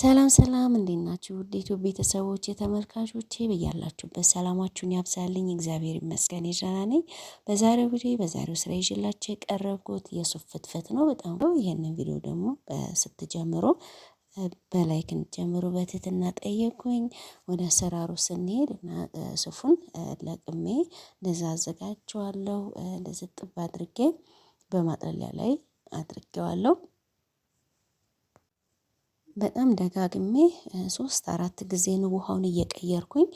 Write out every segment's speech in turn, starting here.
ሰላም ሰላም፣ እንዴት ናችሁ? ውዴቱ ቤተሰቦች የተመልካቾቼ በያላችሁበት ሰላማችሁን ያብዛልኝ። እግዚአብሔር ይመስገን ደህና ነኝ። በዛሬው ቪዲዮ በዛሬው ስራ ይዤላችሁ የቀረብኩት የሱፍ ፍትፈት ነው። በጣም ነው። ይህንን ቪዲዮ ደግሞ ስትጀምሩ በላይክ እንጀምሩ በትህትና ጠየቁኝ። ወደ አሰራሩ ስንሄድ እና ሱፉን ለቅሜ እንደዛ አዘጋጀዋለሁ። እንደዚህ ጥብ አድርጌ በማጥለያ ላይ አድርጌዋለሁ። በጣም ደጋግሜ ሶስት አራት ጊዜ ነው ውሃውን እየቀየርኩኝ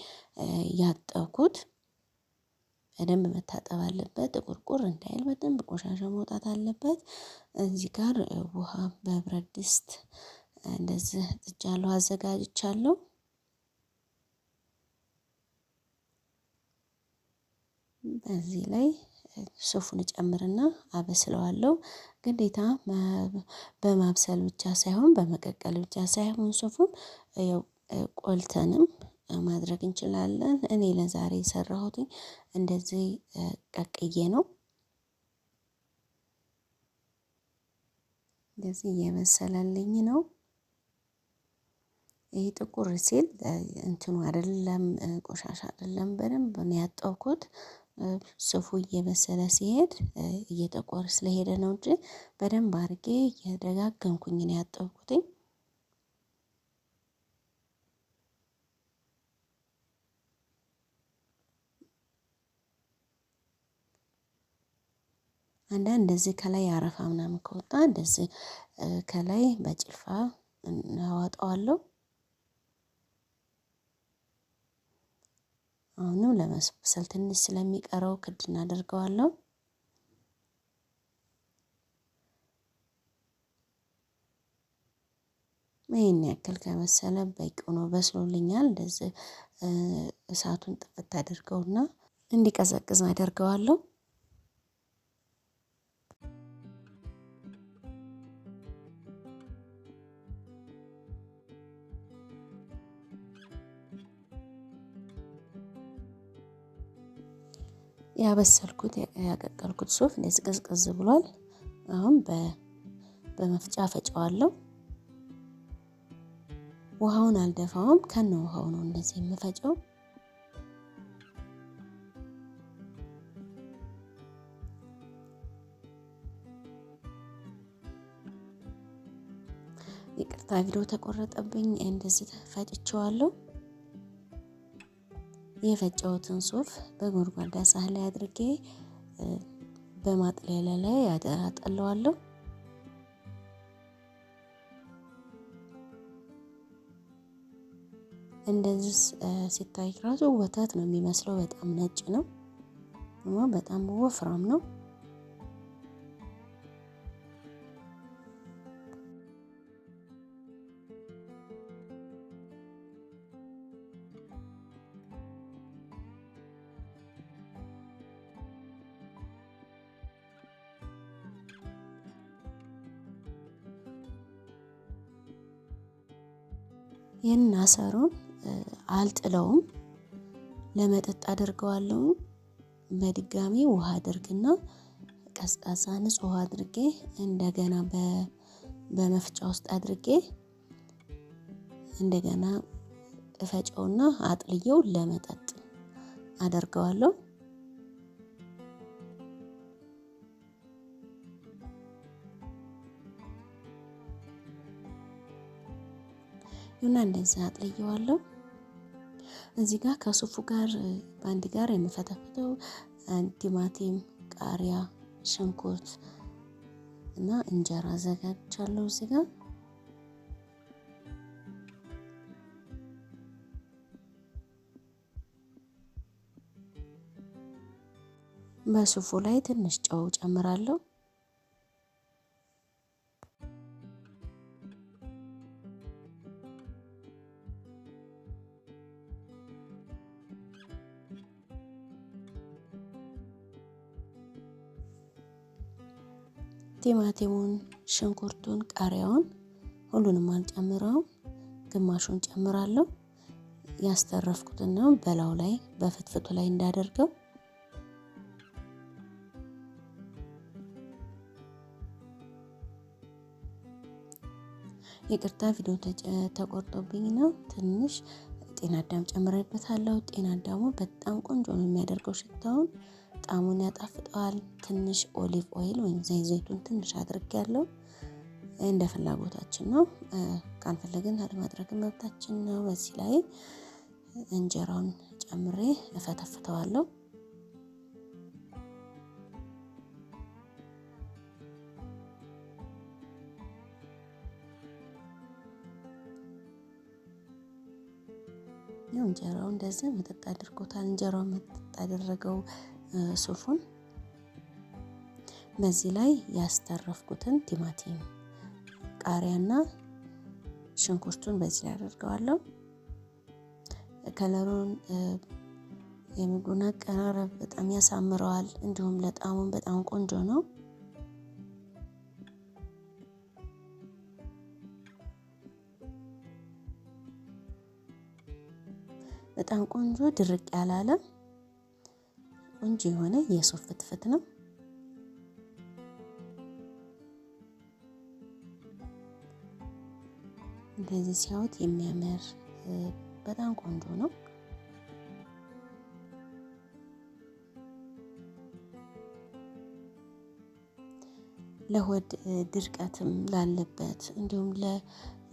ያጠብኩት። በደንብ መታጠብ አለበት ጥቁርቁር እንዳይል በደንብ ቆሻሻ መውጣት አለበት። እዚህ ጋር ውሃ በብረት ድስት እንደዚህ ጥጃለሁ አዘጋጅቻለሁ። በዚህ ላይ ሱፉን ጨምርና አበስለዋለሁ። ግዴታ በማብሰል ብቻ ሳይሆን በመቀቀል ብቻ ሳይሆን ሱፉን ቆልተንም ማድረግ እንችላለን። እኔ ለዛሬ የሰራሁት እንደዚህ ቀቅዬ ነው። እንደዚህ እየበሰለልኝ ነው። ይህ ጥቁር ሲል እንትኑ አይደለም ቆሻሻ አይደለም በደንብ ነው ያጠብኩት ስፉ እየበሰለ ሲሄድ እየጠቆረ ስለሄደ ነው እንጂ በደንብ አድርጌ እየደጋገምኩኝ ነው ያጠብኩትኝ። አንዳንድ እንደዚህ ከላይ አረፋ ምናምን ከወጣ እንደዚህ ከላይ በጭልፋ አወጣዋለሁ አሁንም ለመብሰል ትንሽ ስለሚቀረው ክድ እናደርገዋለሁ። ይህን ያክል ከበሰለ በቂው ነው። በስሎልኛል። እንደዚህ እሳቱን ጥፍት አድርገውና እንዲቀዘቅዝ አደርገዋለሁ። ያበሰልኩት ያቀቀልኩት ሱፍ እንደዚህ ቀዝቀዝ ብሏል። አሁን በመፍጫ ፈጫዋለሁ። ውሃውን አልደፋውም፣ ከነ ውሃው ነው እንደዚህ የምፈጨው። ይቅርታ ቪዲዮ ተቆረጠብኝ። እንደዚህ ፈጭቸዋለሁ። የፈጨሁትን ሱፍ በጎድጓዳ ሳህን ላይ አድርጌ በማጥለያ ላይ አጠለዋለሁ። እንደዚህ ሲታይ ራሱ ወተት ነው የሚመስለው። በጣም ነጭ ነው፣ በጣም ወፍራም ነው። ይህንን አሰሩን አልጥለውም፣ ለመጠጥ አድርገዋለሁ በድጋሚ ውሃ አድርግና ቀዝቃዛ ንጹህ ውሃ አድርጌ እንደገና በመፍጫ ውስጥ አድርጌ እንደገና እፈጨውና አጥልየው ለመጠጥ አደርገዋለሁ። ይሁና እንደዚህ አጥልየዋለሁ። እዚህ ጋር ከሱፉ ጋር በአንድ ጋር የምፈተፍተው ቲማቲም፣ ቃሪያ፣ ሽንኩርት እና እንጀራ አዘጋጅቻለሁ እዚህ ጋር በሱፉ ላይ ትንሽ ጨው ጨምራለሁ። ቲማቲሙን፣ ሽንኩርቱን፣ ቃሪያውን ሁሉንም አልጨምረውም፣ ግማሹን ጨምራለሁ። ያስተረፍኩትን ነው በላው ላይ በፍትፍቱ ላይ እንዳደርገው ይቅርታ ቪዲዮ ተቆርጦብኝ ነው። ትንሽ ጤና አዳም ጨምሬበታለሁ። ጤና አዳሙ በጣም ቆንጆ ነው የሚያደርገው ሽታውን ጣዕሙን ያጣፍጠዋል። ትንሽ ኦሊቭ ኦይል ወይም ዘይት ዘይቱን ትንሽ አድርግ ያለው እንደ ፍላጎታችን ነው። ካልፈለግን ማድረግ መብታችን ነው። በዚህ ላይ እንጀራውን ጨምሬ እፈተፍተዋለሁ። እንጀራው እንደዚህ መጠጥ አድርጎታል። እንጀራው መጠጥ አደረገው። ሱፉን በዚህ ላይ ያስተረፍኩትን ቲማቲም፣ ቃሪያና ሽንኩርቱን በዚህ ላይ አደርገዋለሁ። ከለሩን የምግቡን አቀራረብ በጣም ያሳምረዋል። እንዲሁም ለጣሙን በጣም ቆንጆ ነው። በጣም ቆንጆ ድርቅ ያላለም ቆንጆ የሆነ የሱፍ ፍትፍት ነው። እንደዚህ ሲያዩት የሚያምር በጣም ቆንጆ ነው። ለሆድ ድርቀትም ላለበት እንዲሁም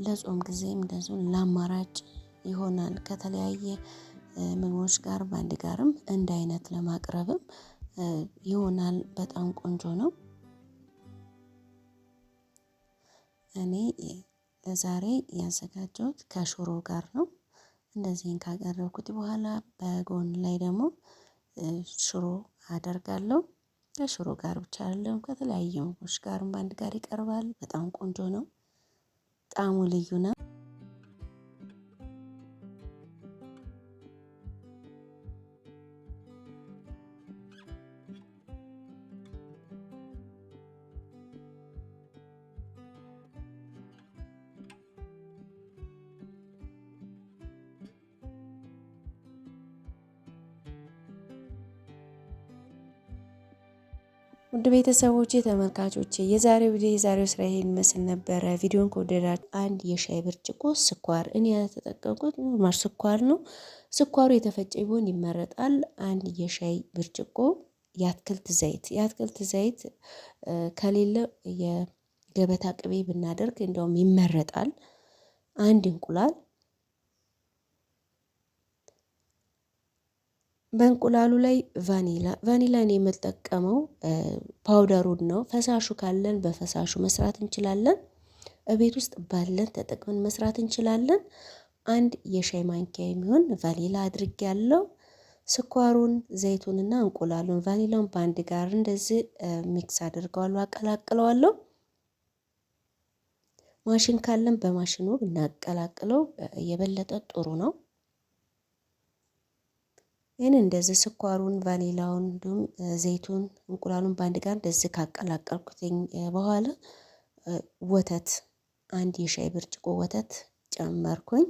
ለጾም ጊዜም እንደዚሁ ለአማራጭ ይሆናል ከተለያየ ምግቦች ጋር በአንድ ጋርም እንደ አይነት ለማቅረብም ይሆናል በጣም ቆንጆ ነው። እኔ ዛሬ ያዘጋጀሁት ከሽሮ ጋር ነው። እንደዚህን ካቀረብኩት በኋላ በጎን ላይ ደግሞ ሽሮ አደርጋለሁ ከሽሮ ጋር ብቻ አይደለም ከተለያዩ ምግቦች ጋርም በአንድ ጋር ይቀርባል በጣም ቆንጆ ነው። ጣዕሙ ልዩ ነው ውድ ቤተሰቦቼ ተመልካቾቼ የዛሬው ቪዲዮ የዛሬው ስራ ይሄን ይመስል ነበረ። ቪዲዮን ከወደዳችሁ አንድ የሻይ ብርጭቆ ስኳር፣ እኔ ያልተጠቀምኩት ኖርማል ስኳር ነው። ስኳሩ የተፈጨ ቢሆን ይመረጣል። አንድ የሻይ ብርጭቆ የአትክልት ዘይት፣ የአትክልት ዘይት ከሌለ የገበታ ቅቤ ብናደርግ እንደውም ይመረጣል። አንድ እንቁላል በእንቁላሉ ላይ ቫኒላ ቫኒላ የምጠቀመው ፓውደሩን ነው። ፈሳሹ ካለን በፈሳሹ መስራት እንችላለን። እቤት ውስጥ ባለን ተጠቅመን መስራት እንችላለን። አንድ የሻይ ማንኪያ የሚሆን ቫኒላ አድርጌያለሁ። ስኳሩን ዘይቱንና እንቁላሉን ቫኒላውን በአንድ ጋር እንደዚህ ሚክስ አድርገዋሉ አቀላቅለዋለሁ። ማሽን ካለን በማሽኑ ብናቀላቅለው የበለጠ ጥሩ ነው ይህን እንደዚህ ስኳሩን ቫኒላውን እንዲሁም ዘይቱን እንቁላሉን በአንድ ጋር እንደዚህ ካቀላቀልኩትኝ በኋላ ወተት አንድ የሻይ ብርጭቆ ወተት ጨመርኩኝ።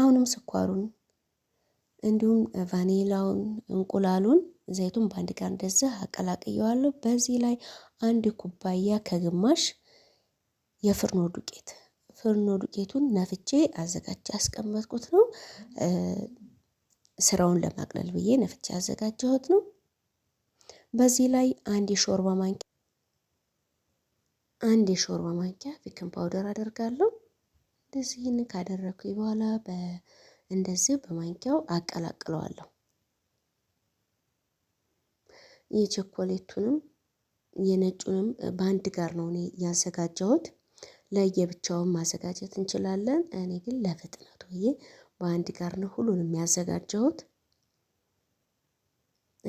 አሁንም ስኳሩን እንዲሁም ቫኒላውን እንቁላሉን ዘይቱን በአንድ ጋር እንደዚህ አቀላቅየዋለሁ። በዚህ ላይ አንድ ኩባያ ከግማሽ የፍርኖ ዱቄት ፍርኖ ዱቄቱን ነፍቼ አዘጋጅቼ ያስቀመጥኩት ነው። ስራውን ለማቅለል ብዬ ነፍቼ ያዘጋጀሁት ነው። በዚህ ላይ አንድ የሾርባ ማንኪያ አንድ የሾርባ ማንኪያ ቤኪንግ ፓውደር አደርጋለሁ። እንደዚህ ይህንን በኋላ እንደዚህ በማንኪያው አቀላቅለዋለሁ። የቸኮሌቱንም የነጩንም በአንድ ጋር ነው እኔ ያዘጋጀሁት። ለየብቻውን ማዘጋጀት እንችላለን። እኔ ግን ለፍጥነት ብዬ በአንድ ጋር ነው ሁሉንም ያዘጋጀሁት።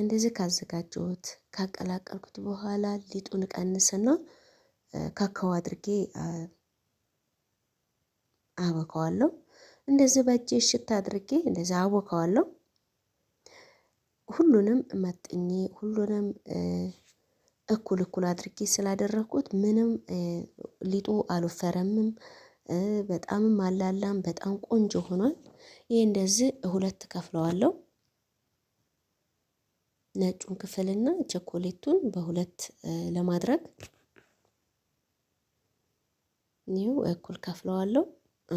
እንደዚህ ካዘጋጀሁት ካቀላቀልኩት በኋላ ሊጡን ቀንስና ካካው አድርጌ አቦካዋለሁ። እንደዚህ በእጄ እሽት አድርጌ እንደዚህ አቦካዋለሁ። ሁሉንም መጥኜ ሁሉንም እኩል እኩል አድርጌ ስላደረኩት ምንም ሊጡ አልወፈረምም በጣምም አላላም በጣም ቆንጆ ሆኗል። ይሄ እንደዚህ ሁለት ከፍለዋለሁ። ነጩን ክፍልና ቸኮሌቱን በሁለት ለማድረግ ይኸው እኩል ከፍለዋለሁ።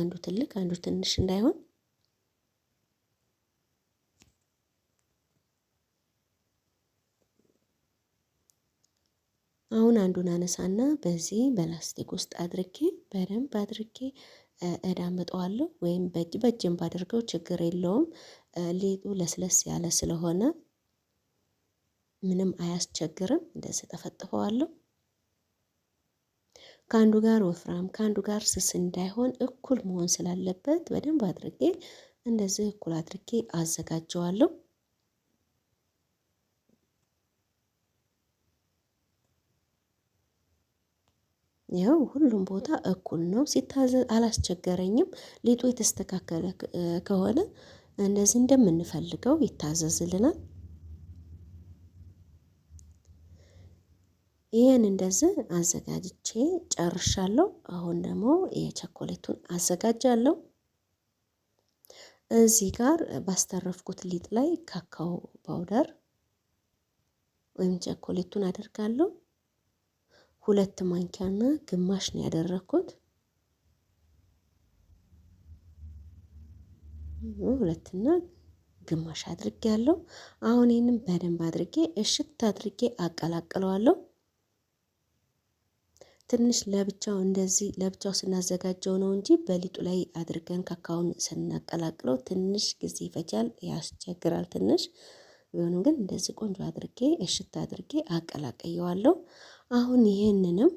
አንዱ ትልቅ አንዱ ትንሽ እንዳይሆን አሁን አንዱን አነሳና በዚህ በላስቲክ ውስጥ አድርጌ በደንብ አድርጌ እዳምጠዋለሁ ወይም በእጅ በእጅም ባደርገው ችግር የለውም። ሊጡ ለስለስ ያለ ስለሆነ ምንም አያስቸግርም። እንደዚህ ጠፈጥፈዋለሁ። ከአንዱ ጋር ወፍራም ከአንዱ ጋር ስስ እንዳይሆን እኩል መሆን ስላለበት በደንብ አድርጌ እንደዚህ እኩል አድርጌ አዘጋጀዋለሁ። ይኸው ሁሉም ቦታ እኩል ነው ሲታዘዝ አላስቸገረኝም። ሊጡ የተስተካከለ ከሆነ እንደዚህ እንደምንፈልገው ይታዘዝልናል። ይህን እንደዚህ አዘጋጅቼ ጨርሻለሁ። አሁን ደግሞ የቸኮሌቱን አዘጋጃለሁ። እዚህ ጋር ባስተረፍኩት ሊጥ ላይ ካካው ፓውደር ወይም ቸኮሌቱን አደርጋለሁ። ሁለት ማንኪያና ግማሽ ነው ያደረኩት። ሁለትና ግማሽ አድርጌ ያለው አሁን ይህንን በደንብ አድርጌ እሽት አድርጌ አቀላቅለዋለሁ። ትንሽ ለብቻው እንደዚህ ለብቻው ስናዘጋጀው ነው እንጂ በሊጡ ላይ አድርገን ካካውን ስናቀላቅለው ትንሽ ጊዜ ይፈጃል፣ ያስቸግራል ትንሽ ቢሆንም ግን እንደዚህ ቆንጆ አድርጌ እሽት አድርጌ አቀላቀየዋለሁ። አሁን ይህንንም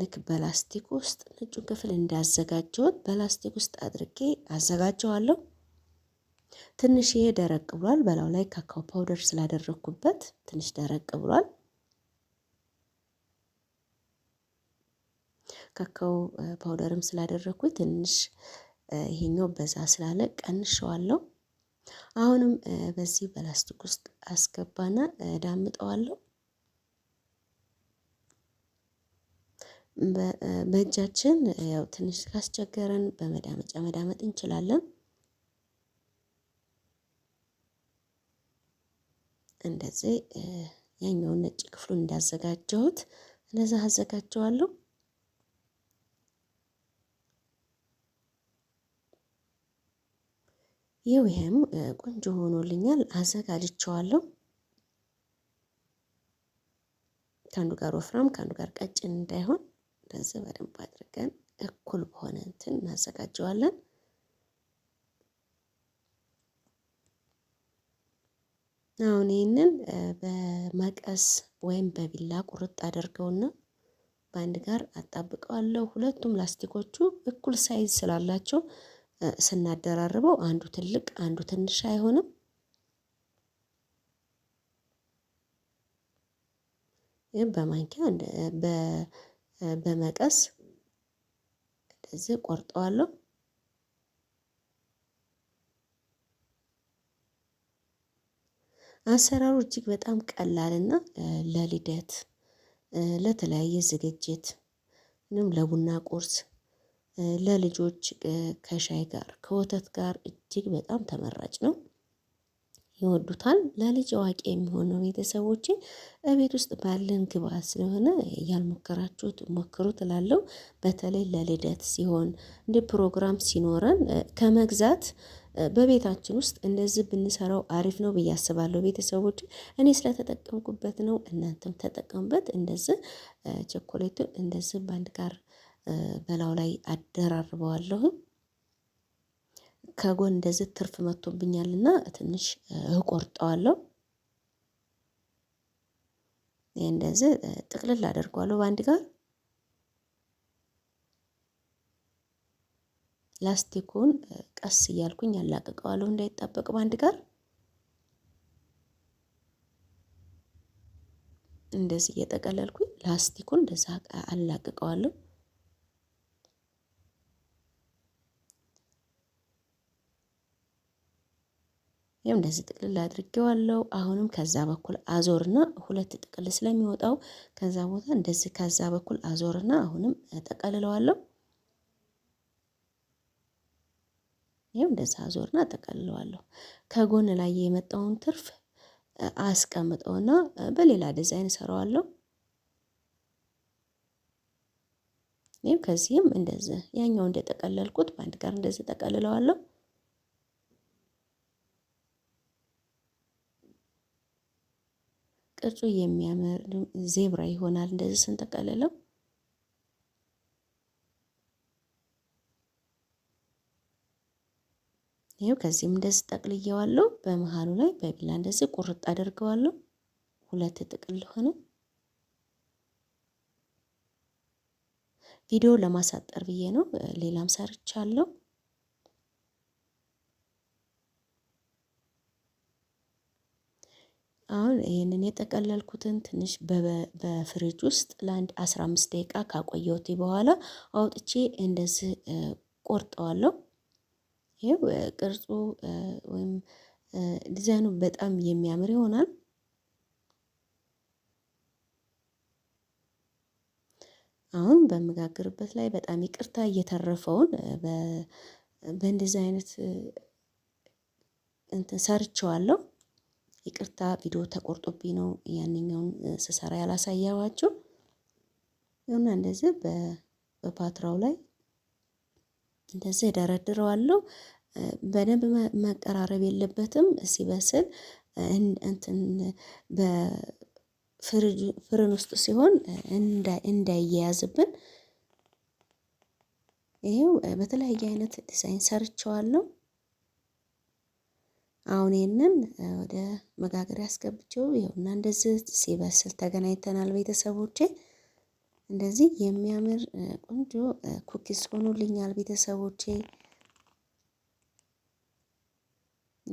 ልክ በላስቲክ ውስጥ ነጩን ክፍል እንዳዘጋጀሁት በላስቲክ ውስጥ አድርጌ አዘጋጀዋለሁ። ትንሽ ይሄ ደረቅ ብሏል። በላው ላይ ካካው ፓውደር ስላደረግኩበት ትንሽ ደረቅ ብሏል። ካካው ፓውደርም ስላደረግኩት ትንሽ ይሄኛው በዛ ስላለ ቀንሸዋለሁ። አሁንም በዚህ በላስቲክ ውስጥ አስገባና ዳምጠዋለሁ። በእጃችን ያው ትንሽ ካስቸገረን በመዳመጫ መዳመጥ እንችላለን። እንደዚህ ያኛውን ነጭ ክፍሉን እንዳዘጋጀሁት እንደዛ አዘጋጀዋለሁ። ይው ይሄም ቆንጆ ሆኖልኛል፣ አዘጋጅቸዋለሁ። ከአንዱ ጋር ወፍራም ከአንዱ ጋር ቀጭን እንዳይሆን በዚህ በደንብ አድርገን እኩል በሆነ እንትን እናዘጋጀዋለን። አሁን ይህንን በመቀስ ወይም በቢላ ቁርጥ አድርገውና በአንድ ጋር አጣብቀዋለሁ። ሁለቱም ላስቲኮቹ እኩል ሳይዝ ስላላቸው ስናደራርበው አንዱ ትልቅ አንዱ ትንሽ አይሆንም። በማንኪያ በመቀስ እንደዚህ ቆርጠዋለሁ። አሰራሩ እጅግ በጣም ቀላልና ለልደት ለተለያየ ዝግጅት ምንም ለቡና ቁርስ ለልጆች ከሻይ ጋር ከወተት ጋር እጅግ በጣም ተመራጭ ነው። ይወዱታል። ለልጅ አዋቂ የሚሆነው ቤተሰቦች እቤት ውስጥ ባለን ግብአት ስለሆነ ያልሞከራችሁት ሞክሩ ትላለው። በተለይ ለልደት ሲሆን እንደ ፕሮግራም ሲኖረን ከመግዛት በቤታችን ውስጥ እንደዚህ ብንሰራው አሪፍ ነው ብዬ አስባለሁ። ቤተሰቦች እኔ ስለተጠቀምኩበት ነው እናንተም ተጠቀሙበት። እንደዚህ ቸኮሌቱን እንደዚህ በአንድ ጋር በላዩ ላይ አደራርበዋለሁ ከጎን እንደዚህ ትርፍ እና ትንሽ እቆርጠዋለሁ። ይህ እንደዚህ ጥቅልል አደርገዋለሁ በአንድ ጋር ላስቲኩን ቀስ እያልኩኝ ያላቅቀዋለሁ እንዳይጣበቅ በአንድ ጋር እንደዚህ እየጠቀለልኩኝ ላስቲኩን እንደዛ አላቅቀዋለሁ። ይሄም እንደዚህ ጥቅልል አድርጌዋለሁ። አሁንም ከዛ በኩል አዞርና ሁለት ጥቅል ስለሚወጣው ከዛ ቦታ እንደዚህ ከዛ በኩል አዞርና አሁንም ጠቀልለዋለሁ። ይሄም እንደዚህ አዞርና ጠቀልለዋለሁ። ከጎን ላይ የመጣውን ትርፍ አስቀምጠውና በሌላ ዲዛይን እሰራዋለሁ። ይህም ከዚህም እንደዚህ ያኛው እንደጠቀለልኩት በአንድ ጋር እንደዚህ ጠቀልለዋለሁ። ቅርጹ የሚያምር ዜብራ ይሆናል። እንደዚህ ስንጠቀልለው ይኸው ከዚህም እንደዚህ ጠቅልየዋለሁ። በመሃሉ ላይ በቢላ እንደዚህ ቁርጥ አደርገዋለሁ። ሁለት ጥቅል ሆነ። ቪዲዮ ለማሳጠር ብዬ ነው። ሌላም ሰርቻለሁ። አሁን ይህንን የጠቀለልኩትን ትንሽ በፍሪጅ ውስጥ ለአንድ 15 ደቂቃ ካቆየሁት በኋላ አውጥቼ እንደዚህ ቆርጠዋለሁ። ይሄው ቅርጹ ወይም ዲዛይኑ በጣም የሚያምር ይሆናል። አሁን በምጋግርበት ላይ በጣም ይቅርታ እየተረፈውን በእንደዚህ አይነት እንትን ሰርቸዋለሁ። ይቅርታ ቪዲዮ ተቆርጦብኝ ነው ያንኛውን ስሰራ ያላሳያዋቸው። ይሁና እንደዚህ በፓትራው ላይ እንደዚህ ደረድረዋለሁ። በደንብ መቀራረብ የለበትም። ሲበስል እንትን በፍርን ውስጥ ሲሆን እንዳይያያዝብን። ይሄው በተለያየ አይነት ዲዛይን ሰርቸዋለሁ። አሁን ይህንን ወደ መጋገሪያ አስገብቼው ይኸውና እንደዚህ ሲበስል ተገናኝተናል ቤተሰቦቼ። እንደዚህ የሚያምር ቆንጆ ኩኪስ ሆኖልኛል ቤተሰቦቼ።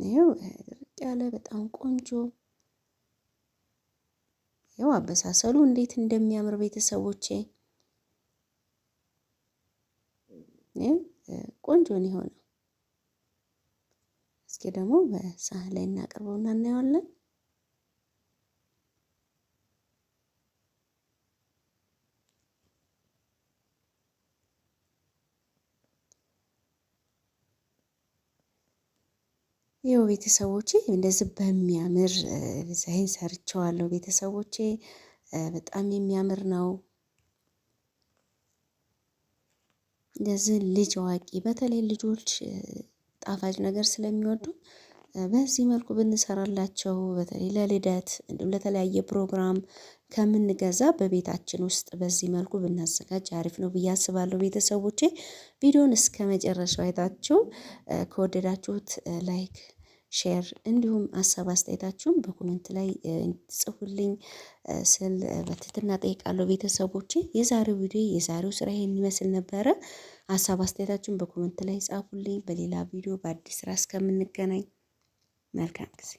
ይኸው ድርቅ ያለ በጣም ቆንጆ ይኸው አበሳሰሉ እንዴት እንደሚያምር ቤተሰቦቼ ቆንጆ ነው የሆነው። እስኪ ደግሞ በሳህን ላይ እናቀርበውና እናየዋለን። ይኸው ቤተሰቦቼ እንደዚህ በሚያምር ዲዛይን ሰርቸዋለሁ። ቤተሰቦቼ በጣም የሚያምር ነው። እንደዚህ ልጅ አዋቂ፣ በተለይ ልጆች ጣፋጭ ነገር ስለሚወዱ በዚህ መልኩ ብንሰራላቸው በተለይ ለልደት እንዲሁም ለተለያየ ፕሮግራም ከምንገዛ በቤታችን ውስጥ በዚህ መልኩ ብናዘጋጅ አሪፍ ነው ብዬ አስባለሁ። ቤተሰቦቼ እስከ መጨረሻው አይታችሁ ከወደዳችሁት ላይክ ሼር እንዲሁም ሀሳብ አስተያየታችሁን በኮመንት ላይ ጽፉልኝ ስል በትህትና ጠይቃለሁ። ቤተሰቦቼ የዛሬው ቪዲዮ የዛሬው ስራ ይህን ይመስል ነበረ። ሀሳብ አስተያየታችሁን በኮመንት ላይ ጻፉልኝ። በሌላ ቪዲዮ በአዲስ ስራ እስከምንገናኝ መልካም ጊዜ